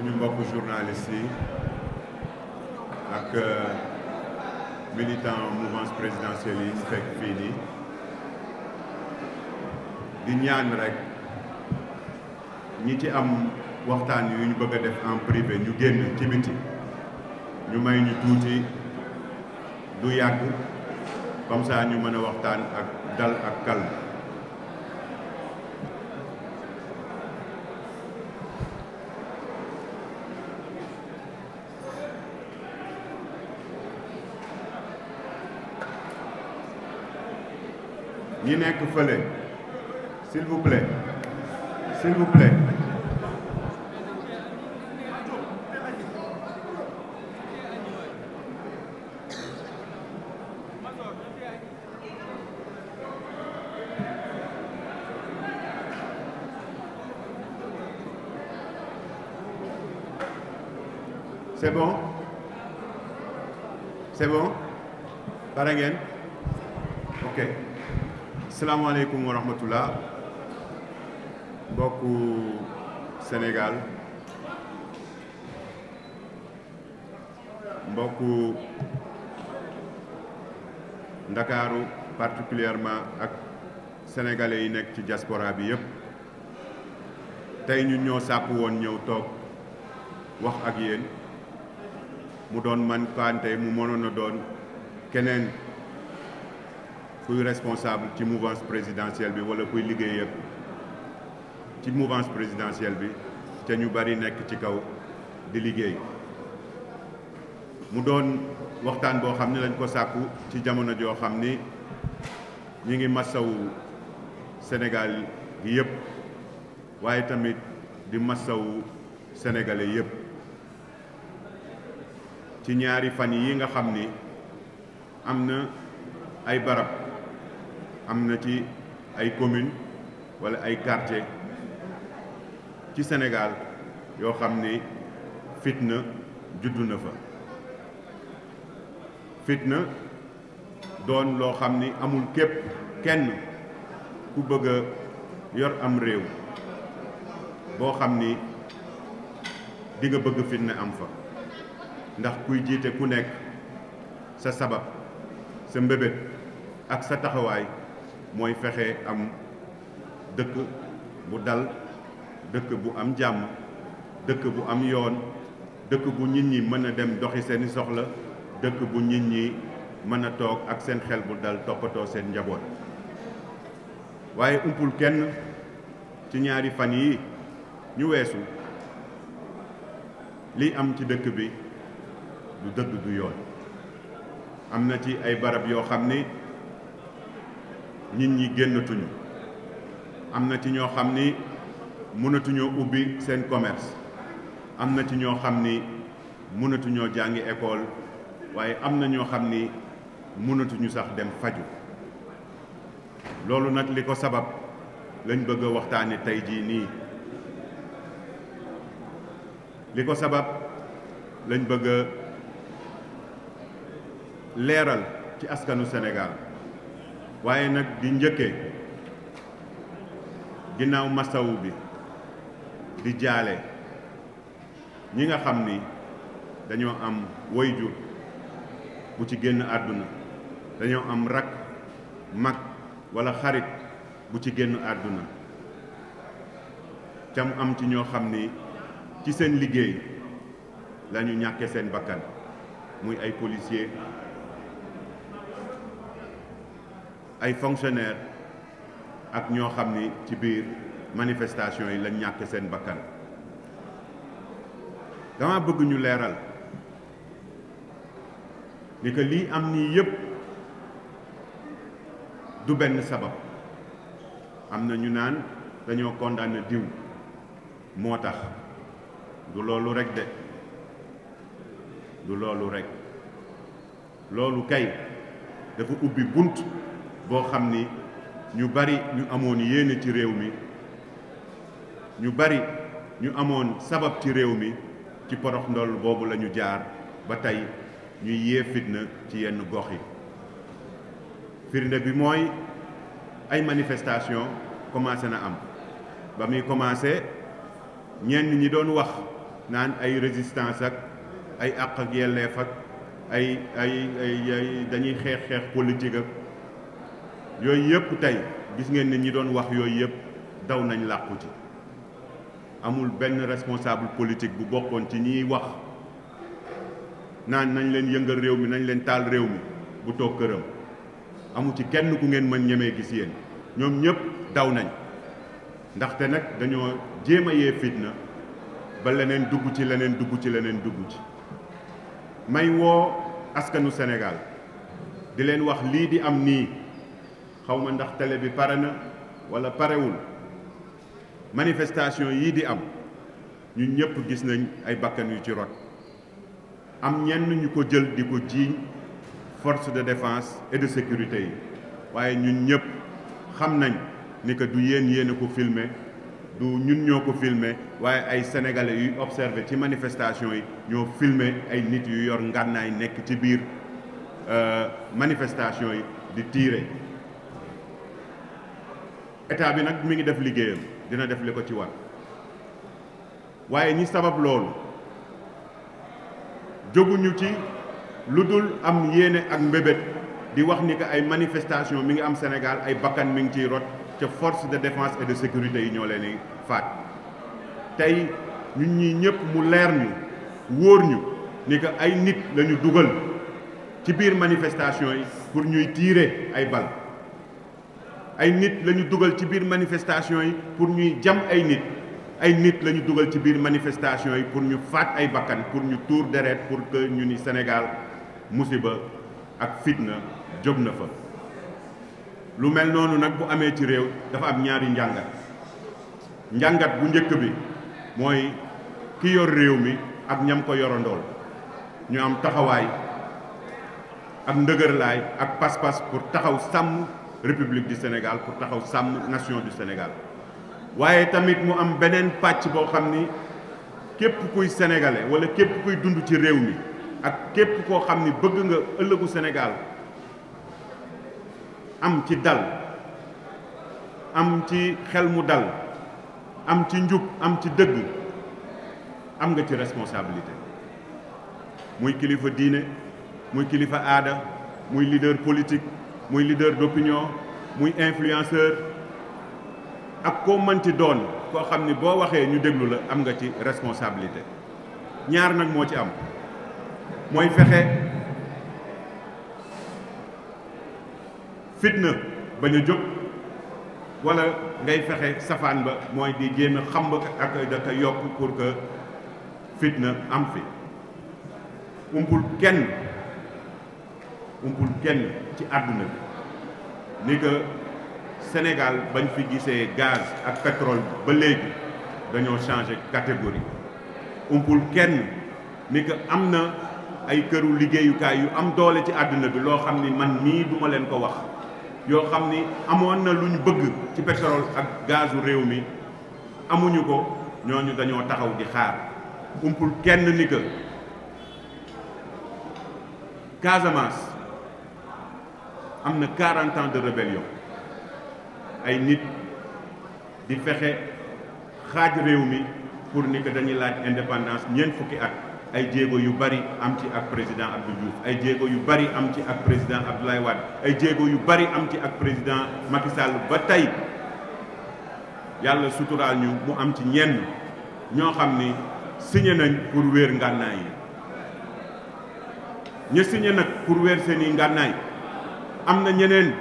suñu mbokku journaliste yi ak euh, militant mouvance présidentielle yi fekk fii nii di ñaan rek ñi ci am waxtaan yu ñu bëgg a def en privé ñu génn ci biti ñu may ñu tuuti du yàgg comme ça ñu mën a waxtaan ak dal ak calme yi nekk fële s'il vous plaît s'il vous plaît c'est bon c'est bon pare ngeen salaamaaleykum wa rahmatullah mbokku Sénégal mbokku Ndakaaru particulièrement ak sénégalais yi nekk ci diaspora bi yépp tey ñu ñoo sàpp woon ñëw toog wax ak yéen mu doon man pantey mu mënoon doon keneen kuy responsable ci mouvance présidentielle bi wala kuy liggéey ci mouvance présidentielle bi te ñu bari nekk ci kaw di liggéey mu doon waxtaan boo xam ne lañ ko sàkku ci jamono joo xam ni ñu ngi massawu Sénégal gi yëpp waaye tamit di massawu sénégalais yëpp ci ñaari fan yi nga xam ni am na ay barab am na ci ay commune wala ay quartier ci senegaal yoo xam ni fitna judd na fa fitna doon loo xam ni amul képp kenn ku bëgg yor am réew boo xam ni di nga bëgg fitna am fa ndax kuy jiite ku nekk sa sabab sa mbébét ak sa taxawaay mooy fexe am dëkk bu dal dëkk bu am jàmm dëkk bu am yoon dëkk bu nit ñi mën a dem doxi seeni soxla dëkk bu nit ñi mën a toog ak seen xel bu dal toppatoo seen njaboot waaye umpul kenn ci ñaari fan yi ñu weesu li am ci dëkk bi du dëgg du yoon am na ci ay barab yoo xam ni nit ñi génnatuñu am na ci ñoo xam ni mënatuñoo ubbi seen commerce am na ci ñoo xam ni mënatuñoo jàngi école waaye am na ñoo xam ni mënatuñu sax dem faju loolu nag li ko sabab lañ bëgg a waxtaane tey jii nii li ko sabab lañ bëgg a leeral ci askanu senegaal waaye nag di njëkke ginnaaw masawu bi di jaale ñi nga xam ni dañoo am woyjur bu ci génn àdduna dañoo am rakk mag walla xarit bu ci génn àdduna cam am ci ñoo xam ni ci seen liggéey lañu ñàkke seen bakkan muy ay policier ay fonctionnaires ak ñoo xam ni ci biir manifestation yi lañ ñàkk seen bakkan dama bëgg ñu leeral ni que lii am nii yépp du benn sabab am na ñu naan dañoo condamné diw moo tax du loolu rekk de du loolu rekk loolu kay dafa ubbi bunt boo xam ni ñu bari ñu amoon yéene ci réew mi ñu bari ñu amoon sabab ci réew mi ci porox ndoll boobu la ñu jaar ba tey ñuy yee fitna ci yenn gox yi firnde bi mooy ay manifestation commencé na am ba muy commencé ñenn ñi doon wax naan ay résistance ak ay àq ak yelleef ak ay ay ay dañuy xeex xeex politique ak yooyu yëpp tey gis ngeen ne ñi doon wax yooyu yëpp daw nañ làqu ci amul benn responsable politique bu bokkoon ci ñiy wax naan nañ leen yëngal réew mi nañ leen taal réew mi bu toog këram amu ci kenn ku ngeen mën ñemee gis yéen ñoom ñëpp daw nañ ndaxte nag dañoo jéem a yee fitna ba leneen dugg ci leneen dugg ci leneen dugg ci may woo askanu Sénégal di leen wax lii di am nii xaw ndax télé bi pare na wala parewul manifestation yii di am ñu ñëpp gis nañ ay bakkan yu ci rot am ñenn ñu ko jël di ko jiiñ force de défense et de sécurité yi waaye ñu ñëpp xam nañ ni que du yéen yéen ko filmer du ñun ñoo ko filmer waaye ay sénégalais yuy observé ci manifestation yi ñoo filmer ay nit yu yor ngànnaay nekk ci biir euh, manifestation yi di tiire état bi nag mi ngi def liggéeyam dina def li ko ci war waaye ñi sabab loolu jóguñu ci lu dul am yéene ak mbébét di wax ni que ay manifestation mi ngi am Sénégal ay bakkan mi ngi ciy rot ca force de défense et de sécurité yi ñoo leen di faat tey ñun ñi ñëpp mu leer ñu wóor ñu ni que ay nit la ñu dugal ci biir manifestation yi pour ñuy tiire ay bal ay nit la dugal ci biir manifestation yi pour ñuy jam ay nit ay nit la dugal ci biir manifestation yi pour ñu faat ay bakkan pour ñu tuur deret pour que ñu ni Sénégal musiba ak fitna jóg na fa lu mel noonu nag bu amee ci réew dafa am ñaari njàngat njàngat bu njëkk bi mooy ki yor réew mi ak ñam ko yorandool ñu am taxawaay ak ndëgërlaay ak pas-pas pour taxaw sàmm république di Sénégal pour taxaw sàmm nation du Sénégal waaye tamit mu am beneen pàcc boo xam ni képp kuy sénégalais wala képp kuy dund ci réew mi ak képp koo xam ni bëgg nga ëllëgu Sénégal am ci dal am ci xel mu dal am ci njub am ci dëgg am nga ci responsabilité muy kilifa diine muy kilifa aada muy leader politique muy leader d'opinion muy influenceur ak koo mënti doon koo xam ni boo waxee ñu déglu la am nga ci responsabilité ñaar nag moo ci am mooy fexe fitna bañ a jóg wala ngay fexe safaan ba mooy di génn a xamb ak daka yokk pour que fitna am fi umpul kenn umpul kenn ci àdduna bi ni que bañ fi gisee gaz ak pétrole ba léegi dañoo changé catégorie umpul kenn ni am na ay këru liggéeyukaay yu am doole ci àdduna bi loo xam ni man mii duma leen ko wax yoo xam ni amoon na lu ñu bëgg ci pétrole ak gaasu réew mi amuñu ko ñooñu dañoo taxaw di xaar umpul kenn ni am na quarante de rébellion ay nit di fexe xaaj réew mi pour ni que dañuy laaj indépendance ñeent fukki at ay jéego yu bari am ci ak président Abdou Diouf ay jéego yu bari am ci ak président Abdoulaye Wade ay jéego yu bari am ci ak président Macky Sall ba tey yàlla suturaal ñu mu am ci ñenn ñoo xam ni signé nañ pour wéer ngànnaay yi ñu signé nag pour wéer seeni ngànnaay am na ñeneen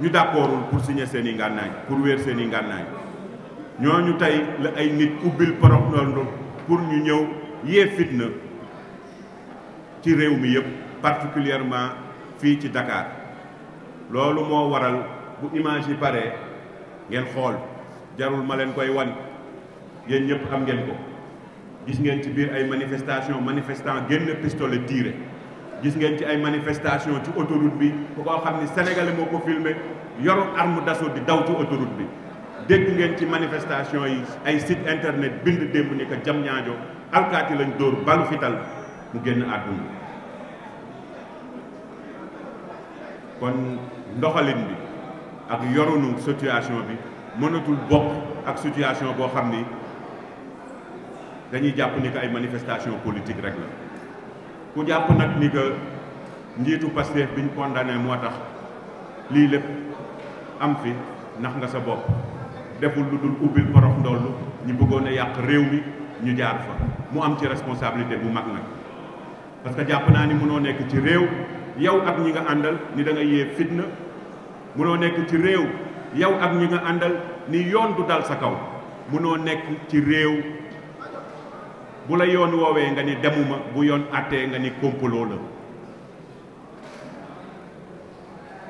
ñu d'accordul pour siñe seeni i ngànnaay pour wéer seeni i ngànnaay ñooñu tey la ay nit ubbil porofnondo pour ñu ñëw yee fitna ci réew mi yëpp particulièrement fii ci dakaar loolu moo waral bu image yi paree ngeen xool jarul ma leen koy wan yéen ñëpp am ngeen ko gis ngeen ci biir ay manifestation manifestant génn pistolet tiré gis ngeen ci ay manifestation ci autoroute bi ku ko xam ni sénégalais moo ko filmé yoru arme d'assaut di daw ci autoroute bi dégg ngeen ci manifestation yi ay site internet bind démb ni ko jam ñaajo alkaati lañ dóor balu fital mu génn àdduna kon ndoxalin bi ak yorunu situation bi mënatul bokk ak situation boo xam ni dañuy jàpp ni ko ay manifestation politique rek la ku jàpp nag ni que njiitu Pastef bi ñu condamné moo tax lii lépp am fi nax nga sa bopp deful lu dul ubbil porox ndollu ñi bëggoon a yàq réew mi ñu jaar fa mu am ci responsabilité bu mag nag parce que jàpp naa ni mënoo nekk ci réew yow ak ñi nga àndal ni da nga yee fitna mënoo nekk ci réew yow ak ñi nga àndal ni yoon du dal sa kaw mënoo nekk ci réew bu la yoon woowee nga ni demuma bu yoon àttee nga ni complot la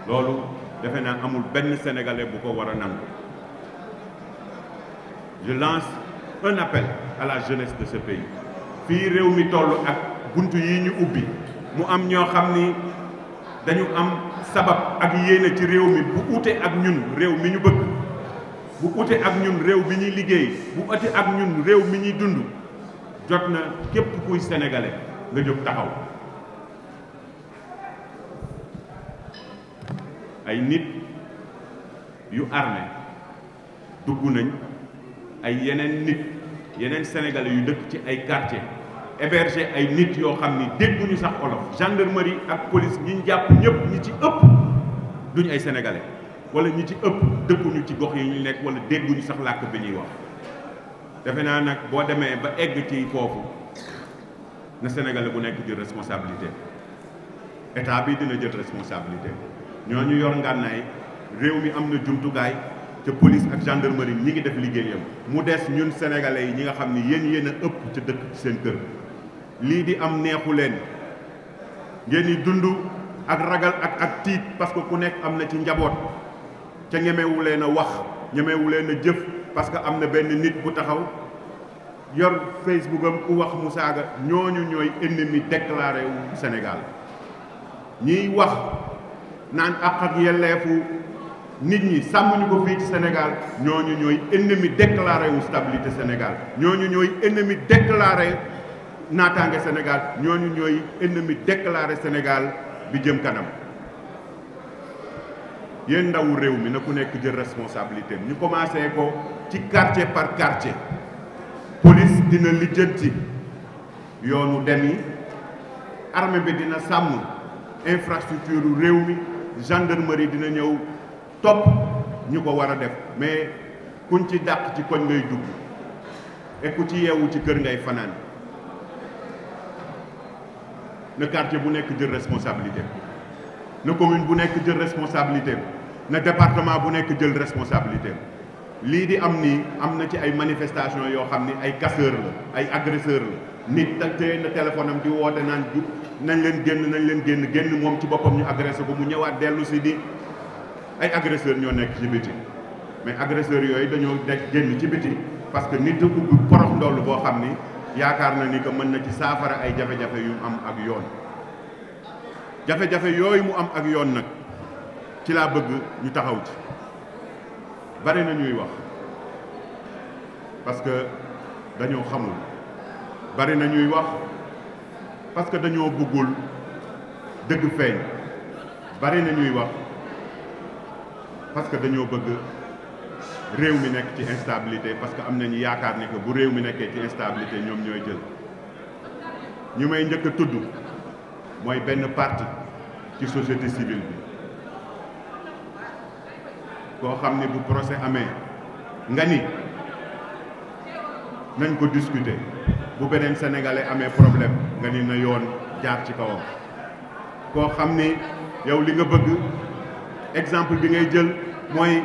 loolu defe naa amul benn sénégalais bu ko war a nangu je lance appel à la jeunesse de ce fii réew mi toll ak bunt yi ñu ubbi mu am ñoo xam ni dañu am sabab ak yéene ci réew mi bu ute ak ñun réew mi ñu bëgg bu ute ak ñun réew mi ñuy liggéey bu ute ak ñun réew mi ñuy dund jot na képp kuy sénégalais nga jóg taxaw ay nit yu armé duggu nañ ay yeneen nit yeneen sénégalais yu dëkk ci ay quartier héberger ay nit yoo xam ni dégguñu sax olof gendarmerie ak police ñi ñu jàpp ñëpp ñi ci ëpp duñ ay sénégalais wala ñi ci ëpp dëkkuñu ci gox yi ñu nekk wala dégguñu sax làkk bi ñuy wax defe naa nag boo demee ba egg ci foofu na Sénégalais bu nekk jël responsabilité état bi dina jël responsabilité ñooñu yor ngànnaay réew mi am na jumtukaay te police ak gendarmerie ñi ngi def liggéeyam mu des ñun sénégalais yi ñi nga xam ni yéen yéen a ëpp ca dëkk ci seen kër lii di am neexu leen ngeen yi dund ak ragal ak ak tiit parce que ku nekk am na ci njaboot ca ñemewu leen a wax ñemewu leen a jëf parce que am na benn nit bu taxaw yor Facebook am ku wax mu saaga ñooñu ñooy ennemi déclaré wu Sénégal ñiy wax naan àq ak yelleefu nit ñi sàmmuñu ko fii ci ñoo ñu ñooy ennemi déclaré wu stabilité Sénégal ñooñu ñooy ennemi déclaré naataange Sénégal ñooñu ñooy ennemi déclaré Sénégal bi jëm kanam yéen ndaw réew mi na ku nekk jël responsabilité ñu commencé ko. ci quartier par quartier police dina lijjanti yoonu dem yi arme bi dina sàmm infrastructure réew mi gendarmerie dina ñëw topp ñu ko war a def mais kuñ ci dàq ci koñ ngay dugg et ku ci yeewu ci kër ngay fanaan na quartier bu nekk jël responsabilité na commune bu nekk jël responsabilité na département bu nekk jël responsabilité lii di am nii am na ci ay manifestation yoo xam ni ay casseur la ay agresseur la nit téye na téléphone am di woote naan nañ leen génn nañ leen génn génn moom ci boppam ñu agressé ko mu ñëwaat dellusi di ay agresseur ñoo nekk ci biti mais agresseurs yooyu dañoo nekk génn ci biti parce que nit ku porox ndoll boo xam ni yaakaar na ni que mën na ci saafara ay jafe-jafe yu am ak yoon jafe-jafe yooyu mu am ak yoon nag ci laa bëgg ñu taxaw ci bari na ñuy wax parce que dañoo xamul bari na ñuy wax parce que dañoo bëggul dëgg feeñ bari na ñuy wax parce que dañoo bëgg réew mi nekk ci instabilité parce que am nañu yaakaar ne que bu réew mi nekkee ci instabilité ñoom ñooy jël ñu may njëkk a tudd mooy benn parti ci société civile bi koo xam ni bu procès amee nga ni nañ ko discuter bu beneen sénégalais amee problème nga ni na yoon jaar ci kawam koo xam ni yow li nga bëgg exemple bi ngay jël mooy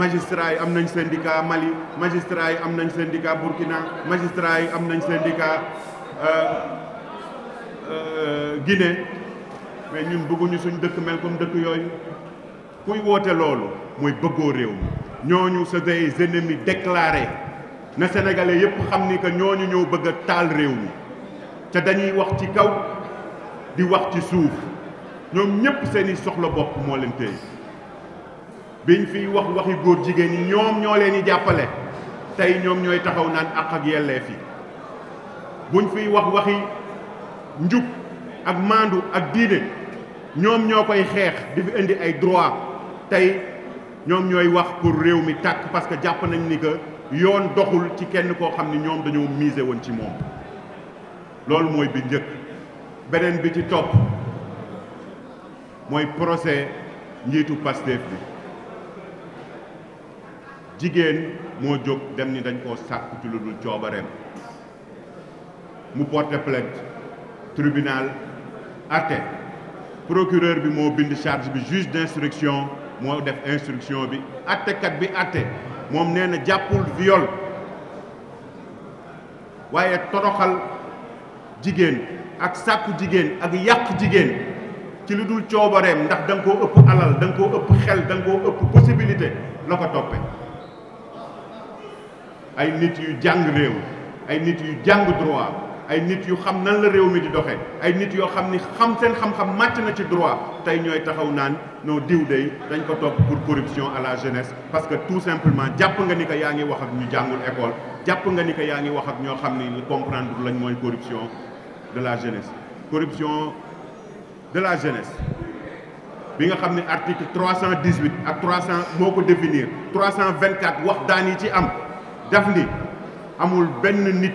magistrat yi am nañ syndicat Mali magistrat yi am nañ syndicat Burkina magistrat yi am nañ syndicat euh, euh, Guinée mais ñun bëgguñu suñ dëkk mel comme dëkk yooyu kuy woote loolu mooy bëggoo réew mi ñooñu c'est des ennemis déclarés na sénégalais yépp xam ni ñoo ñu ñoo bëgg a taal réew mi te dañuy wax ci kaw di wax ci suuf ñoom ñépp seeni soxla bopp moo leen bi biñ fiy wax waxi góor jigéen ñi ñoom ñoo leen di jàppale tey ñoom ñooy taxaw naan àq ak yelleef yi buñ fiy wax waxi njub ak maandu ak diine ñoom ñoo koy xeex di indi ay droit tey ñoom ñooy wax pour réew mi tàkk parce que jàpp nañu ni que yoon doxul ci kenn koo xam ni ñoom dañoo miser woon ci moom loolu mooy bi njëkk beneen bi ci topp mooy procès njiitu Pastef bi jigéen moo jóg dem ni dañ koo sàkku ci lu dul coobareem mu porte plainte tribunal atte procureur bi moo bind charge bi juge d'instruction moo def instruction bi attekat bi atte moom nee na jàppul viol waaye toroxal jigéen ak sàkku jigéen ak yàq jigéen ci lu dul coobareem ndax da nga koo ëpp alal da nga ëpp xel da nga koo ëpp possibilité la ko toppe ay nit yu jàng réew ay nit yu jàng droit ay nit yu xam nan la réew mi di doxee ay nit yoo xam ni xam seen xam-xam màcc na ci droit tey ñooy taxaw naan noo diw day dañ ko topp pour corruption à la jeunesse parce que tout simplement jàpp nga ni que yaa ngi wax ak ñu jàngul école jàpp nga ni que yaa ngi wax ak ñoo xam ni comprendre lañ mooy corruption de la jeunesse corruption de la jeunesse bi nga xam ne article 318 ak 300 moo ko définir 324 wax daan yi ci am daf ni amul benn nit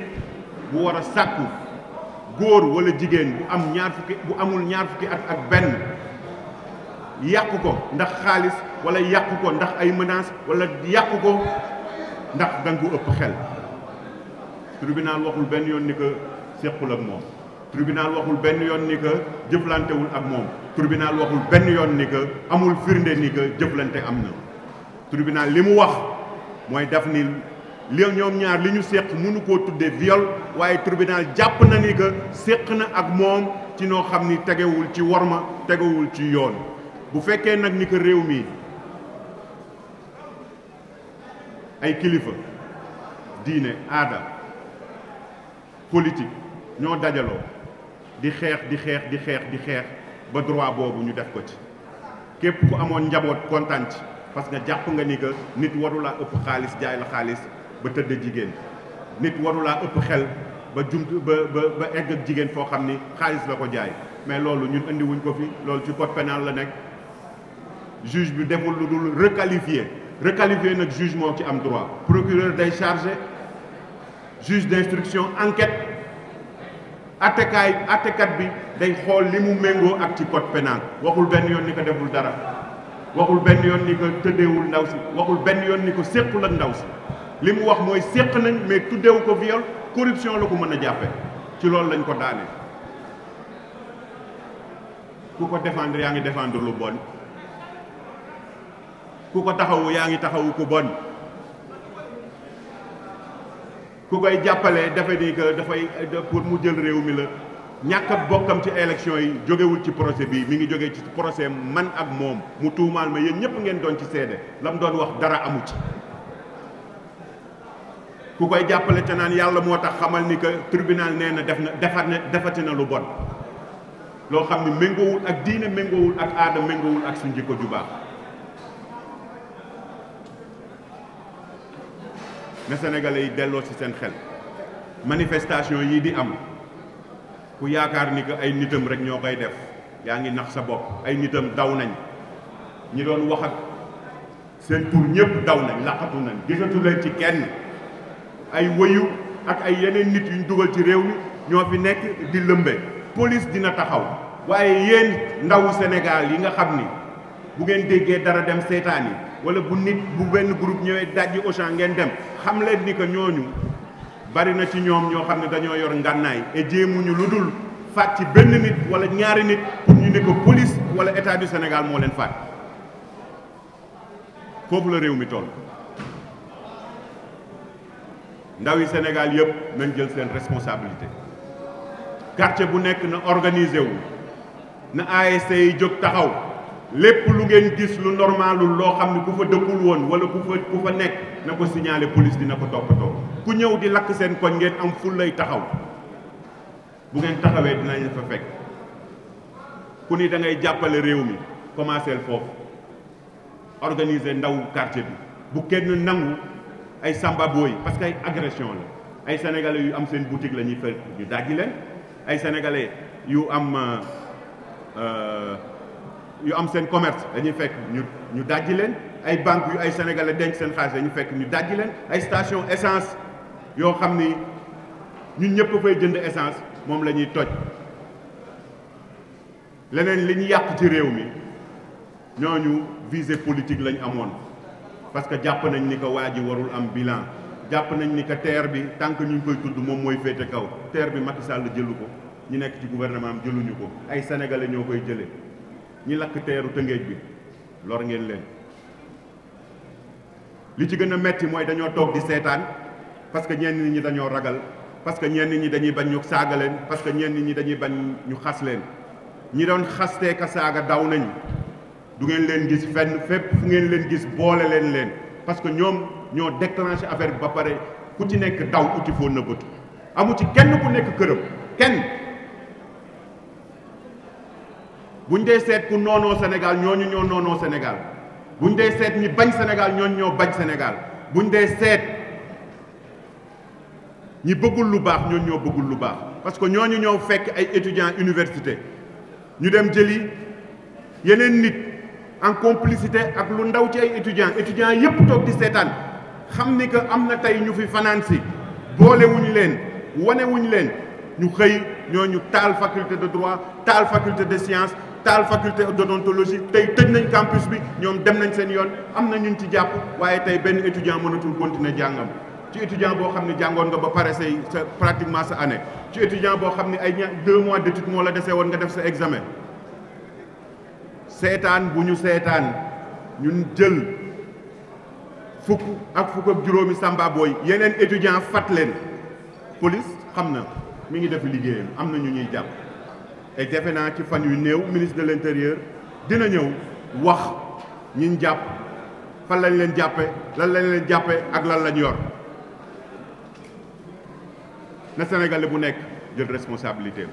bu war a sàkku góor wala jigéen bu am ñaar fukki bu amul ñaar fukki at ak benn yàq ko ndax xaalis walla yàq ko ndax ay menaces wala yàq ko ndax danga ko ëpp xel tribunal waxul benn yoon ni que séqul ak moom tribunal waxul benn yoon ni que jëflantewul ak moom tribunal waxul benn yoon ni que amul firnde ni que jëflante am na tribunal li mu wax mooy daf ni li ñoom ñaar li ñu séq mënu koo tuddee viol waaye tribunal jàpp na ni que séq na ak moom ci noo xam ni tegewul ci worma tegewul ci yoon bu fekkee nag ni que réew mi ay kilifa diine aada politique ñoo dajaloo di xeex di xeex di xeex di xeex ba droit boobu ñu def ko ci képp ku amoon njaboot kontaan ci parce que jàpp nga ni que nit warula ëpp xaalis jaay la xaalis ba tëdd jigéen nit warulaa ëpp xel ba jumt ba ba ba egg ak jigéen foo xam ni xaalis la ko jaay mais loolu ñun indiwuñ ko fi loolu ci code pénal la nekk juge bi deful lu dul requalifier requalifier nag juge moo ci am droit procureur day chargé juge d'instruction enquête attekaay attekat bi day xool li mu méngoo ak ci code pénal waxul benn yoon ni ko deful dara waxul benn yoon ni ko tëddeewul ndaw si waxul benn yoon ni ko séqul la ndaw si li mu wax mooy séq nañ mais tuddeewu ko viol corruption la ko mën a jàppe ci loolu lañ ko daanee ku ko defandir yaa ngi défendre lu bon ku ko yaa ngi taxawu ku bon ku koy jàppale dafa ni que dafay pour mu jël réew mi la ñàkk a bokkam ci élection yi jógewul ci procès bii mi ngi jógee ci procès man ak moom mu tuumaal ma yéen ñëpp ngeen doon ci seede la mu doon wax dara amu ci ku koy jàppale te naan yàlla moo tax xamal ni que tribunal nee na def na defar na defati na lu bon loo xam ni méngoowul ak diine méngoowul ak aada méngoowul ak suñ jikko ju baax na sénégalais yi delloo ci seen xel manifestation yii di am ku yaakaar ni que ay nitam rek ñoo koy def yaa ngi nax sa bopp ay nitam daw nañ ñi doon wax ak seen tur ñëpp daw nañu laqatu nañ gisatu leen ci kenn ay wëyu ak ay yeneen nit yu ñu dugal ci réew mi ñoo fi nekk di lëmbe police dina taxaw waaye yéen ndawu senegaal yi nga xam ni bu ngeen déggee dara dem seetaan yi wala bu nit bu benn groupe ñëwee dajji Auchan ngeen dem xam leen ni que ñooñu bari na ci ñoom ñoo xam ne dañoo yor ngànnaay et jéemuñu lu dul faat ci benn nit wala ñaari nit pour ñu ne ko police wala état du Sénégal moo leen faat foofu la réew mi toll. ndaw yi Sénégal yëpp nañ jël seen responsabilité quartier bu nekk na organisé wu na ASC yi jóg taxaw lépp lu ngeen gis lu normalul loo xam ne ku fa dëkkul woon wala bu fa ku fa nekk na ko signaler police dina ko toppatoo ku ñëw di lakk seen koñ ngeen am ful lay taxaw bu ngeen taxawee dinañ fa fekk ku ni da ngay jàppale réew mi commencé foofu organiser ndaw quartier bi bu kenn nangu ay Samba Boy parce que ay agression la ay sénégalais yu am seen boutique la ñuy fa ñu dajji leen ay sénégalais yu am euh, euh, yu am seen commerce lañuy fekk ñu ñu dajji leen ay banques yu ay sénégalais denc seen xaalis dañuy ñu dajji leen ay station essence yoo xam ni ñu ñëpp fay jënd essence moom la ñuy toj leneen li ñu yàq ci réew mi ñooñu visée politique lañu amoon parce que jàpp nañ ni ko waa ji warul am bilan jàpp nañ ni que terre bi tant que ñu koy tudd moom mooy féete kaw terre bi Macky Sall jëlu ko ñu nekk ci gouvernement am jëluñu ko ay sénégalais ñoo koy jëlee ñi lakk teeru tëngéej bi lor ngeen leen. li ci gën a metti mooy dañoo toog di seetaan parce que ñenn ñi dañoo ragal parce que ñenn ñi dañuy bañ ñu saaga leen parce que ni ñi dañuy bañ ñu xas leen ñi doon xastee ka saaga daw nañ du ngeen leen gis fenn fépp fu ngeen leen gis boole leen leen parce que ñoom ñoo déclenché affaire bi ba pare ku ci nekk daw uti foo nëbbatu amu ci kenn ku nekk këram kenn buñ dee seet ku noonoo Sénégal ñooñu ñoo noonoo Sénégal buñ dee seet ñi bañ Sénégal ñooñu ñoo bañ Sénégal buñ dee seet ñi bëggul lu baax ñooñu ñoo bëggul lu baax parce que ñooñu ñoo fekk ay étudiants université ñu dem jëli yeneen nit en complicité ak lu ndaw ci ay étudiants étudiants yëpp toog di seetaan xam ni que am na tey ñu fi fanaan si boolewuñu leen wane wuñu leen ñu xëy ñooñu taal faculté de droit taal faculté de sciences taal faculté d'odontologie tey tëj nañ campus bi ñoom dem nañ seen yoon am na ñu ñun ci jàpp waaye tey benn étudiant mënatul continuer jàngam ci étudiant boo xam ne jàngoon nga ba pare say sa pratiquement sa année ci étudiant boo xam ni ay ña deux mois d'étude moo la desee woon nga def sa examen seetaan bu ñu seetaan ñun jël fukk ak fukk juróomi samba booy yeneen étudiant fat leen police xam na mi ngi def liggéeyam am na ñu ñuy jàpp et defe naa ci fan yu néew ministre de l'intérieur dina ñëw wax ñin jàpp fan lañ leen jàppe lan lañ leen jàppe ak lan lañu yor na sénégalais bu nekk jël responsabilité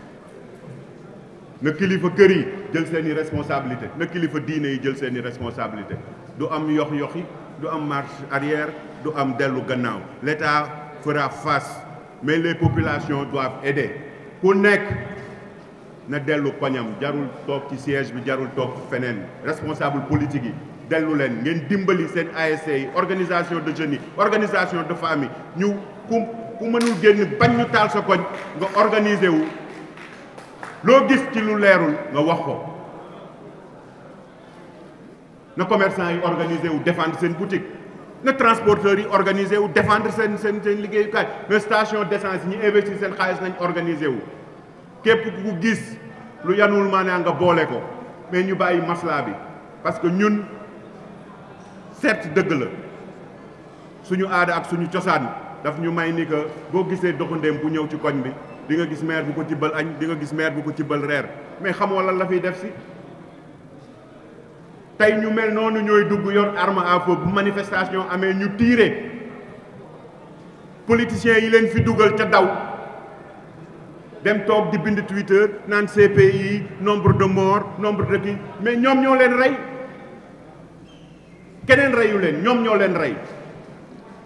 na kilifa kër yi jël seen i responsabilité na kilifa diine yi jël seeni i responsabilité du am yox-yoxi du am marche arrière du am dellu gannaaw l'État fera face mais les populations doivent aider ku nekk na dellu koñam jarul toog ci siège bi jarul toog feneen responsable politique yi dellu leen ngeen dimbali seen ASC yi organisation de jeunes yi organisation de famille ñu ku ku mënul génn bañ ñu taal sa koñ nga organiser wu loo gis ci lu leerul nga wax ko na commerçant yi organiser wu défendre seen boutique na transporteurs yi organiser wu défendre seen seen seen liggéeyukaay na station d'essence ñu investir seen xaalis nañ organiser wu képp ku gis lu yanul maanaa nga boole ko mais ñu bàyyi maslaa bi parce que ñun certes dëgg la suñu aada ak suñu cosaan daf ñu may ni que boo gisee doxandéem bu ñëw ci koñ bi di nga gis maire bu ko tibbal añ di nga gis maire bu ko tibbal reer mais xamoo lan la fiy def si tey ñu mel noonu ñooy dugg yor arme à bu manifestation amee ñu tiire politiciens yi leen fi dugal ca daw dem toog di bind Twitter naan CPI nombre de morts nombre de kii mais ñoom ñoo leen rey keneen reyu leen ñoom ñoo leen rey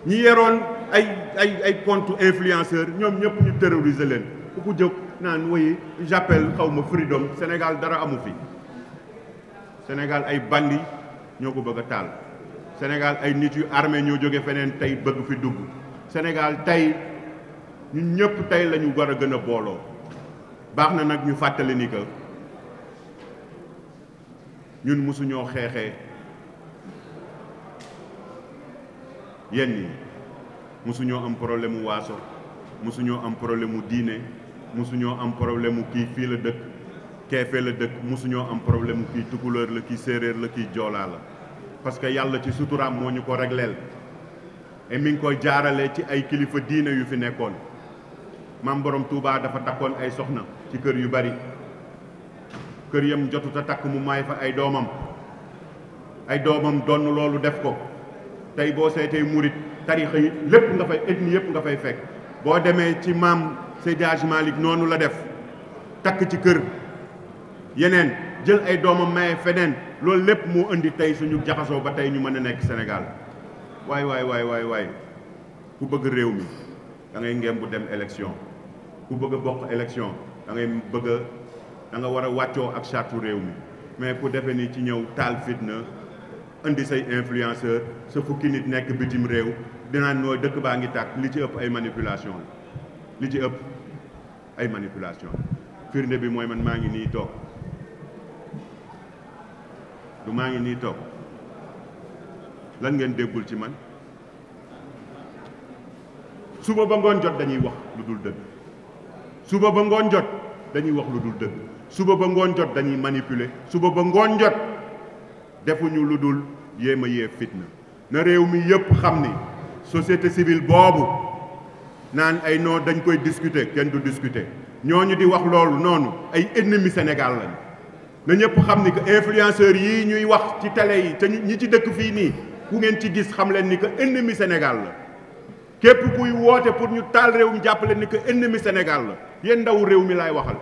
ñi yeroon ay ay ay compte influenceur ñoom ñëpp ñu terroriser leen ku ko jóg naan woyi j'appelle xaw ma freedom Sénégal dara amu fi Sénégal ay bandi ñoo ko bëgg a taal Sénégal ay nit yu armee ñoo jóge feneen tey bëgg fi dugg Sénégal tey ñu ñëpp tey la ñu war a gën a booloo baax na nag ñu fàttali ni que ñun mosuñoo xeexee yenn yi mosuñoo am problème mu waaso musuñoo am problème mu diine mosuñoo am problème mu kii fii la dëkk keefee la dëkk musuñoo am problème mu kii la kii séeréer la kiy joolaa la parce que yàlla ci suturaam moo ñu ko regleel et mi ngi koy jaarale ci ay kilifa diine yu fi nekkoon maam borom tuubaa dafa takkoon ay soxna ci kër yu bari kër yam jotut a takk mu may fa ay doomam ay doomam donn loolu def ko tey boo seetee murit tarixa yi lépp nga fay ethnie yëpp nga fay fekk boo demee ci maam Seydi Hadji noonu la def takk ci kër yeneen jël ay doomam maye feneen loolu lépp moo indi tey suñu jaxasoo ba tey ñu mën a nekk Sénégal waaye waaye waaye waay waay ku bëgg réew mi da ngay ngem bu dem élection ku bëgg a bokk élection da ngay bëgg a da war a wàccoo ak charte réew mi mais ku defee ni ci ñëw taal fitna indi say influenceur sa fukki nit nekk bitim réew dinaan nooy dëkk baa ngi tàkk li ci ëpp ay manipulation la li ci ëpp ay manipulation firnde bi mooy man maa ngi nii toog du maa ngi nii toog lan ngeen déggul ci man suba ba ngoon jot dañuy wax lu dul dëgg suba ba ngoon jot dañuy wax lu dul dëgg suba ba ngoon jot dañuy manipuler suba ba ngoon jot defuñu lu dul yéem a yee fitna na réew mi yëpp xam ni société civile boobu naan ay noo dañ koy discuter kenn du ñoo ñu di wax loolu noonu ay ennemi Sénégal lañ na ñëpp xam ni que influenceurs yii ñuy wax ci télé yi te ñi ci dëkk fii nii ku ngeen ci gis xam leen ni que ennemi Sénégal la képp kuy woote pour ñu taal réew mi jàppale ni que ennemi Sénégal la yéen ndaw réew mi laay waxal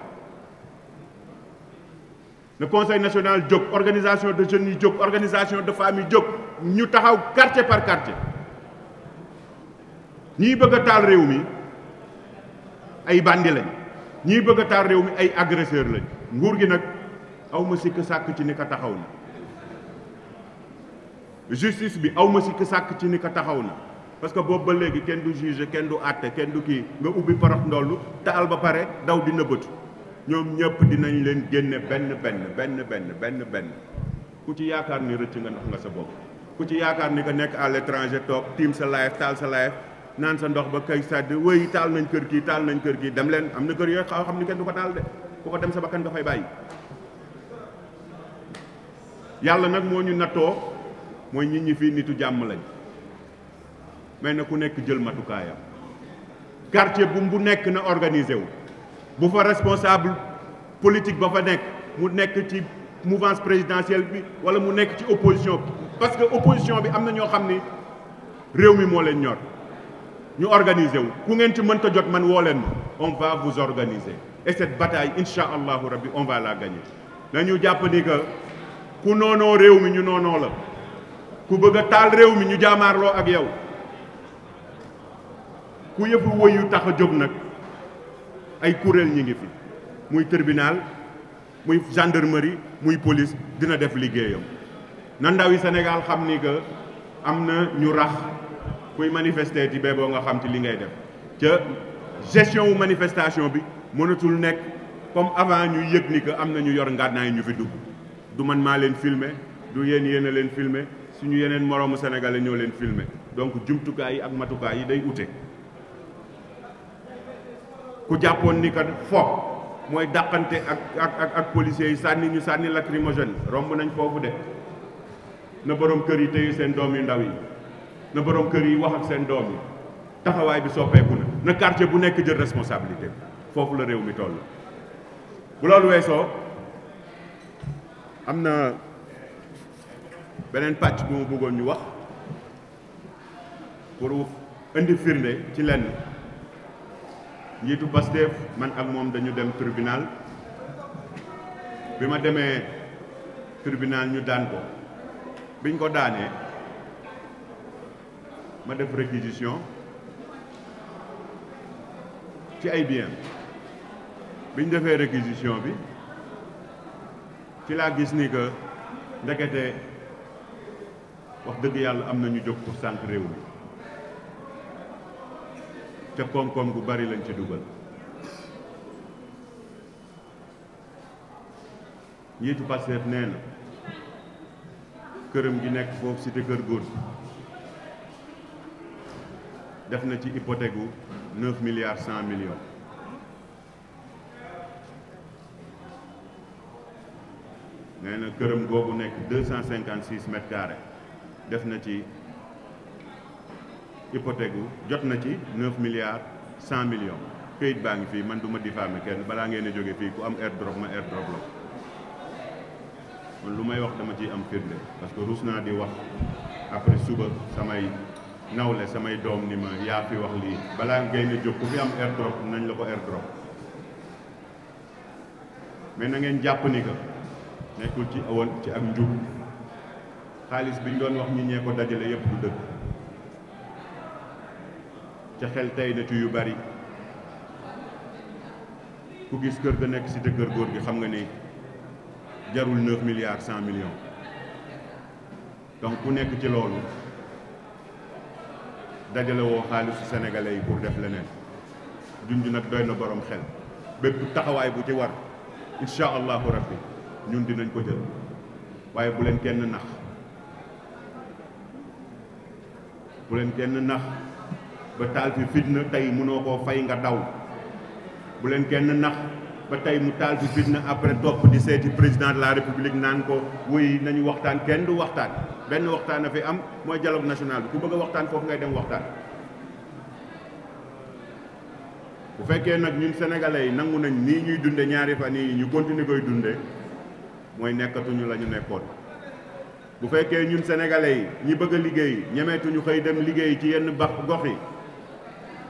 le conseil national jóg organisation de jeunes yi jóg organisation de femmes yi jóg ñu taxaw quartier par quartier ñiy bëgg a taal réew mi ay bandi lañ ñiy bëgg a taal réew mi ay agresseur lañ nguur gi nag awma sikk sàkk ci ni ko taxaw na justice bi awma sikk sàkk ci ni ko taxaw na parce que boobu ba léegi kenn du juge kenn du àtte kenn du kii nga ubbi parax ndollu taal ba pare daw di nëbbatu ñoom ñëpp dinañ leen génne benn benn benn benn benn benn ku ci yaakaar ni rëcc nga nax nga sa bopp ku ci yaakaar ni ko nekk à l'étranger toog tiim sa live taal sa live naan sa ndox ba kay sàdd wéy taal nañ kër gi taal nañ kër gi dem leen am na kër yooyu xaw xam ni kenn du ko taal de ku ko dem sa bakkan nga fay bàyyi yàlla nag moo ñu nattoo mooy nit ñi fii nitu jàmm lañ mais na ku nekk jël matukaayam quartier bu bu nekk na organisé wu bu fa responsable politique ba fa nekk mu nekk ci mouvance présidentielle bi walla mu nekk ci opposition parce que opposition bi am na ñoo xam ni réew mi moo leen ñor ñu organiser wu ku ngeen ci mënta jot man woo leen ma on va vous organiser et cette bataille incha allahu rabbi on va la gagner nañu jàpp ni que ku noonoo réew mi ñu noonoo la ku bëgg taal réew mi ñu jaamaarloo ak yow ku yëpp wëyu tax a jóg nag ay kuréel ñi ngi fi muy tribunal muy gendarmerie muy police dina def liggéeyam na ndaw yi Sénégal xam ni que am na ñu rax kuy manifester ti bee boo nga xam ci li ngay dem ca gestion wu manifestation bi mënatul nekk comme avant ñu yëg ni que am na ñu yor ngànnaay ñu fi dugg du man maa leen filmer du yéen yéen a leen filmer suñu yeneen moroomu sénégalais ñoo leen filmer donc jumtukaay yi ak matukaay yi day ute ku jàppoon ni kat fo mooy dàqante ak ak ak ak policiers yi sànni ñu sànni lacrymogène romb nañ foofu de na borom kër yi téye seen doom yu ndaw yi na borom kër yi wax ak seen doom yi taxawaay bi soppeeku na na quartier bu nekk jël responsabilité foofu la réew mi toll. bu loolu weesoo am na beneen pàcc bu ma bëggoon ñu wax pour indi firnde ci lenn njiitu Pastef man ak moom dañu dem tribunal bi ma demee tribunal ñu daan ko biñ ko daanee. ma def réquisition ci ay bien bi ñu defee réquisition bi ci laa gis ni que ndekete wax dëgg yàlla am na ñu jóg pour sànq réew mi te koom-koom gu bari lañ ci dugal njiitu Pastef nee na këram gi nekk foofu cité kër góor def na ci hypothèque gu neuf milliards cent millions nee na këram googu nekk deux cent cinquante six mètres carrés def na ci hypothèque jot na ci neuf milliards cent millions këyit baa ngi fii man du ma diffamer kenn balaa ngeen jóge fii ku am airdrop ma airdrop la kon lu may wax dama ciy am firnde parce que ruus naa di wax après suba samay. nawle samay doom ni ma yaa fi wax lii balaa ngay na jóg ku fi am airdrop nañ la ko airdrop mais na ngeen jàpp nekkul ci awoon ci ak njub xaalis bi ñu doon wax ñi ñee ko dajale yëpp du dëgg ca xel tey na ci yu bari ku gis kër ga nekk ci te kër góor gi xam nga ni jarul 9 milliards 100 millions donc ku nekk ci loolu dajale woo xaalisu sénégalais yi pour def leneen junj nag doy na borom xel bépp taxawaay bu ci war incha allahu rabbi ñun dinañ ko jël waaye bu leen kenn nax buleen leen kenn nax ba taal fi fitna tey mënoo koo fay nga daw bu kenn nax ba tey mu taal bi fitna après topp di seeti président de la république naan ko wuy nañu waxtaan kenn du waxtaan benn waxtaan a fi am mooy dialogue national bi ku bëgg a waxtaan foofu ngay dem waxtaan. bu fekkee nag ñun sénégalais yi nangu nañ nii ñuy dunde ñaari fan yi ñu continuer koy dunde mooy nekkatuñu la ñu nekkoon bu fekkee ñun sénégalais yi ñi bëgg a liggéey ñemeetuñu xëy dem liggéey ci yenn bax gox yi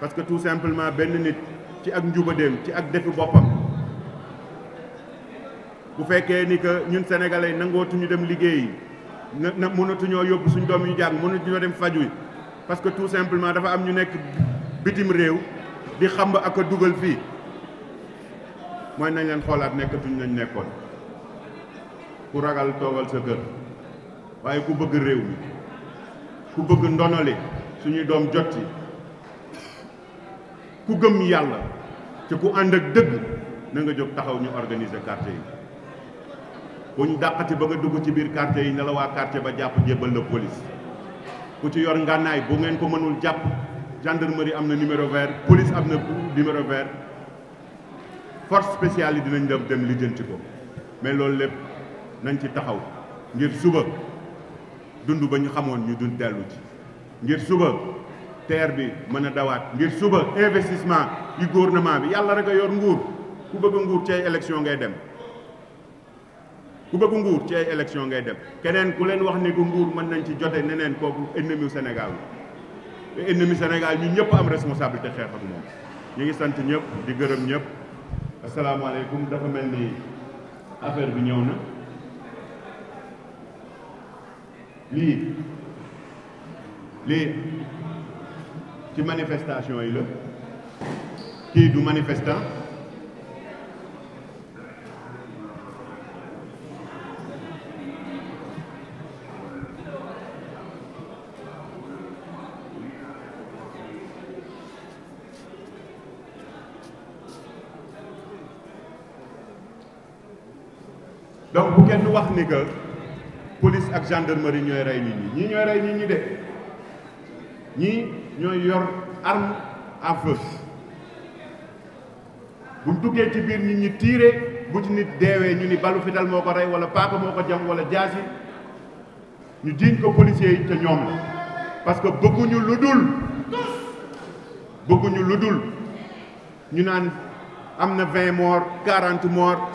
parce que tout simplement benn nit ci ak njubadeem ci ak defi boppam bu fekkee ni que ñun senegale sénégalais nangootuñu dem liggéey liggéeyi na mënatuñoo yóbbu suñu doom yu jàng mënatuñoo dem faju parce que tout simplement dafa am ñu nekk bitim réew di xamb ak a dugal fii mooy nañ leen xoolaat nekkatuñ lañ nekkoon ku ragal toogal sa kër waaye ku bëgg réew mi ku bëgg ndonole suñuy doom jot ci ku gëm yàlla te ku ànd ak dëgg na nga jóg taxaw ñu organise quartier yi bu ñu dàqati ba nga dugg ci biir quartier yi ne la waa quartier ba jàpp jébbal la police ku ci yor ngànnaay bu ngeen ko mënul jàpp gendarmerie am na numéro vert police am na numéro vert force spéciale yi dinañ dem dem lijjanti ko mais loolu lépp nañ ci taxaw ngir suba dund ba ñu xamoon ñu dund dellu ci ngir suba terre bi mën a dawaat ngir suba investissement yi gouvernement bi yàlla rek a yor nguur ku bëgg nguur ci ay élection ngay dem ku bëgg nguur ci ay élection ngay dem keneen ku leen wax ni ku nguur mën nañ ci jote neneen kooku ennemi wu Sénégal la te ennemi Sénégal ñun ñëpp am responsabilité xeex ak moom ñu ngi sant ñëpp di gërëm ñëpp asalaamaaleykum dafa mel ni affaire bi ñëw na lii lii ci manifestation yi la kii du manifestant ni que ak gendarmerie ñooy rey nit ñi ñii ñooy rey nit ñi de ñii ñooy yor arme à feu buñ duggee ci biir nit ñi tiire bu ci nit deewee ñu ni balu fital moo ko rey wala paaka moo ko jam wala jaasi ñu jiiñ ko policiers yi ca ñoom la parce que bëgguñu lu dul bëgguñu lu dul ñu naan am na vingt morts quarante morts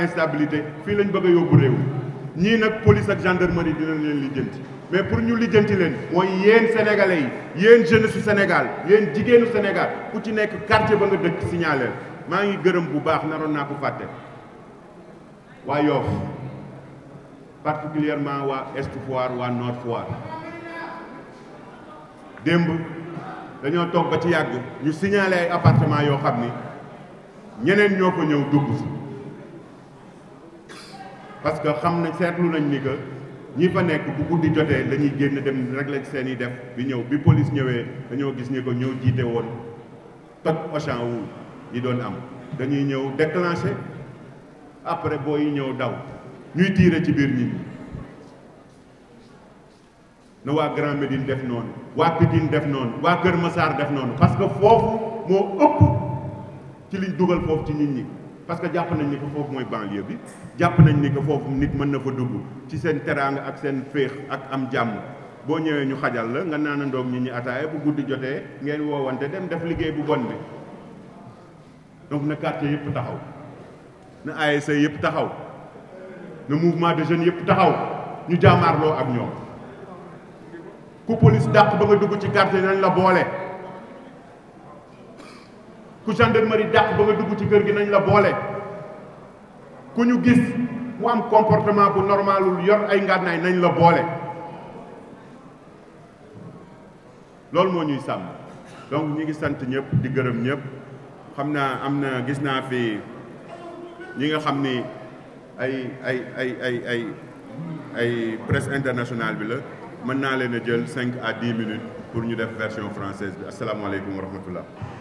instabilité fii lañ bëgg a yóbbu réew ñii nag police ak gendarmerie dina leen lijjanti mais pour ñu lijjanti leen mooy yéen sénégalais yi yéen jeune su Sénégal yéen jigéenu Sénégal ku ci nekk quartier ba nga dëkk signalé maa ngi gërëm bu baax naroon naa ko fàtte waa Yoff particulièrement waa Est Foire waa Nord Foire démb dañoo toog ba ci yàgg ñu signalé ay appartement yoo xam ni ñeneen ñoo ko ñëw dugg si parce que xam na seetlu nañ ni que ñi fa nekk bu guddi jotee la génn dem régler seen i def bi ñëw bi police ñëwee dañoo gis ni ñëw jiite woon toj Auchan wu yi doon am dañuy ñëw déclenché après boo ñëw daw ñuy tiire ci biir nit ñi na waa Grand Médine def noonu waa Pikine def noonu waa Kër Massar def noonu parce que foofu moo ëpp ci liñ dugal foofu ci nit ñi parce que jàpp nañu ni ko foofu mooy banlieue bi jàpp nañ ni ko foofu nit mën na fa dugg ci seen teraanga ak seen féex ak am jàmm boo ñëwee ñu xajal la nga naan ndoog nit ñi ataaya bu guddi jotee ngeen woowante dem def liggéey bu bon bi donc na quartier yëpp taxaw na ASC yëpp taxaw na mouvement de jeunes yëpp taxaw ñu jaamaarloo ak ñoom ku police dàq ba nga dugg ci quartier nañ la boole. ku gendarmerie dàq ba ma dugg ci kër gi nañ la boole ku ñu gis mu am comportement bu normalul yor ay ngànnaay nañ la boole loolu moo ñuy sàmm donc ñu ngi sant ñëpp di gërëm ñëpp xam naa am na gis naa fi ñi nga xam ni ay ay ay ay ay ay presse internationale bi la mën naa leen a jël cinq à dix minutes pour ñu def version française bi asalaamaaleykum wa rahmatullah